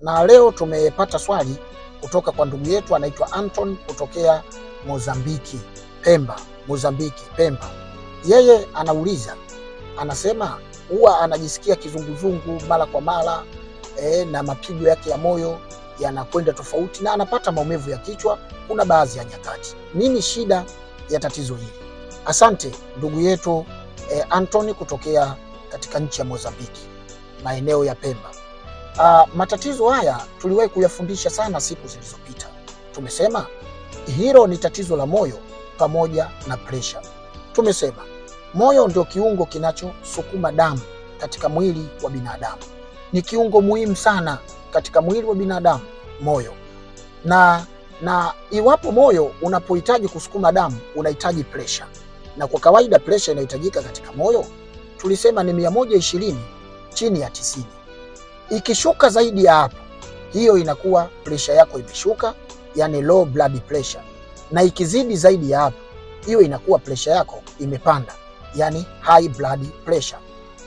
na leo tumepata swali kutoka kwa ndugu yetu anaitwa Anton kutokea Mozambiki, Pemba, Mozambiki, Pemba. Yeye anauliza, anasema huwa anajisikia kizunguzungu mara kwa mara e, na mapigo yake ya moyo yanakwenda tofauti na anapata maumivu ya kichwa kuna baadhi ya nyakati. Nini shida ya tatizo hili? Asante ndugu yetu e, Anton kutokea katika nchi ya Mozambiki, maeneo ya Pemba. Uh, matatizo haya tuliwahi kuyafundisha sana siku zilizopita. Tumesema hilo ni tatizo la moyo pamoja na presha. Tumesema moyo ndio kiungo kinachosukuma damu katika mwili wa binadamu. Ni kiungo muhimu sana katika mwili wa binadamu moyo, na na iwapo moyo unapohitaji kusukuma damu unahitaji presha, na kwa kawaida presha inahitajika katika moyo tulisema ni 120 chini ya 90. Ikishuka zaidi ya hapo, hiyo inakuwa pressure yako imeshuka, yani low blood pressure, na ikizidi zaidi ya hapo, hiyo inakuwa pressure yako imepanda, yani high blood pressure.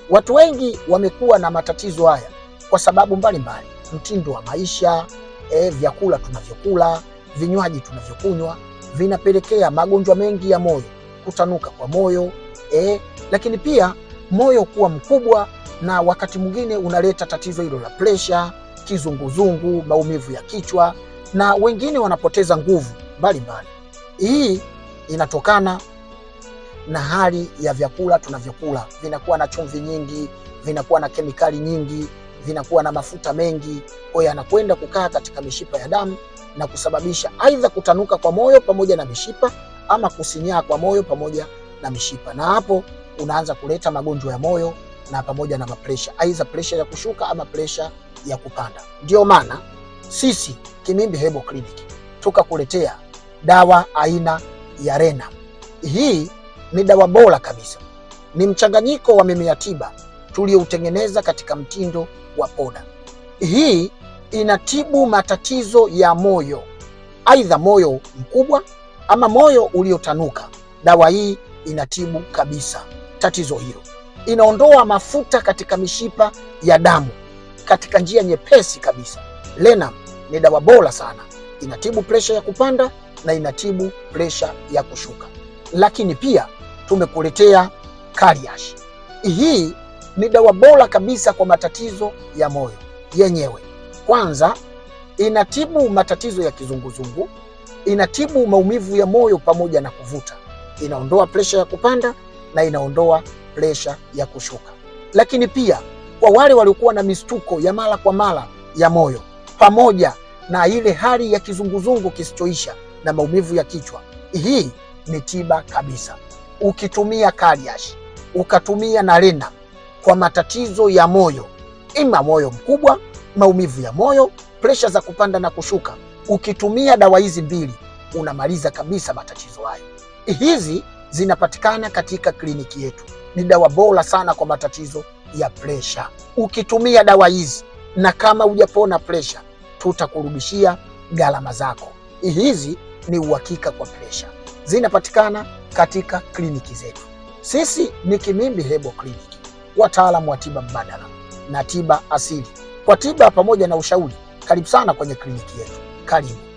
Watu wengi wamekuwa na matatizo haya kwa sababu mbalimbali mbali. Mtindo wa maisha e, vyakula tunavyokula, vinywaji tunavyokunywa vinapelekea magonjwa mengi ya moyo, kutanuka kwa moyo e, lakini pia moyo kuwa mkubwa, na wakati mwingine unaleta tatizo hilo la presha, kizunguzungu, maumivu ya kichwa, na wengine wanapoteza nguvu mbalimbali. Hii inatokana na hali ya vyakula tunavyokula, vinakuwa na chumvi nyingi, vinakuwa na kemikali nyingi, vinakuwa na mafuta mengi, kwayo yanakwenda kukaa katika mishipa ya damu na kusababisha aidha kutanuka kwa moyo pamoja na mishipa ama kusinyaa kwa moyo pamoja na mishipa, na hapo unaanza kuleta magonjwa ya moyo na pamoja na mapresha, aidha presha ya kushuka ama presha ya kupanda. Ndiyo maana sisi Kimimbi Hebo Clinic tukakuletea dawa aina ya Rena. Hii ni dawa bora kabisa, ni mchanganyiko wa mimea tiba tuliyoutengeneza katika mtindo wa poda. Hii inatibu matatizo ya moyo, aidha moyo mkubwa ama moyo uliotanuka. Dawa hii inatibu kabisa tatizo hilo. Inaondoa mafuta katika mishipa ya damu katika njia nyepesi kabisa. Lenam ni dawa bora sana, inatibu presha ya kupanda na inatibu presha ya kushuka. Lakini pia tumekuletea Kariash. Hii ni dawa bora kabisa kwa matatizo ya moyo yenyewe. Kwanza inatibu matatizo ya kizunguzungu, inatibu maumivu ya moyo pamoja na kuvuta, inaondoa presha ya kupanda na inaondoa presha ya kushuka. Lakini pia kwa wale waliokuwa na mistuko ya mara kwa mara ya moyo pamoja na ile hali ya kizunguzungu kisichoisha na maumivu ya kichwa, hii ni tiba kabisa. Ukitumia Kaliash ukatumia Nalena kwa matatizo ya moyo, ima moyo mkubwa, maumivu ya moyo, presha za kupanda na kushuka, ukitumia dawa hizi mbili unamaliza kabisa matatizo hayo. Hizi zinapatikana katika kliniki yetu. Ni dawa bora sana kwa matatizo ya presha. Ukitumia dawa hizi na kama hujapona presha, tutakurudishia gharama zako. Hizi ni uhakika kwa presha, zinapatikana katika kliniki zetu. Sisi ni Kimimbi Hebo Kliniki, wataalamu wa tiba mbadala na tiba asili, kwa tiba pamoja na ushauri. Karibu sana kwenye kliniki yetu, karibu.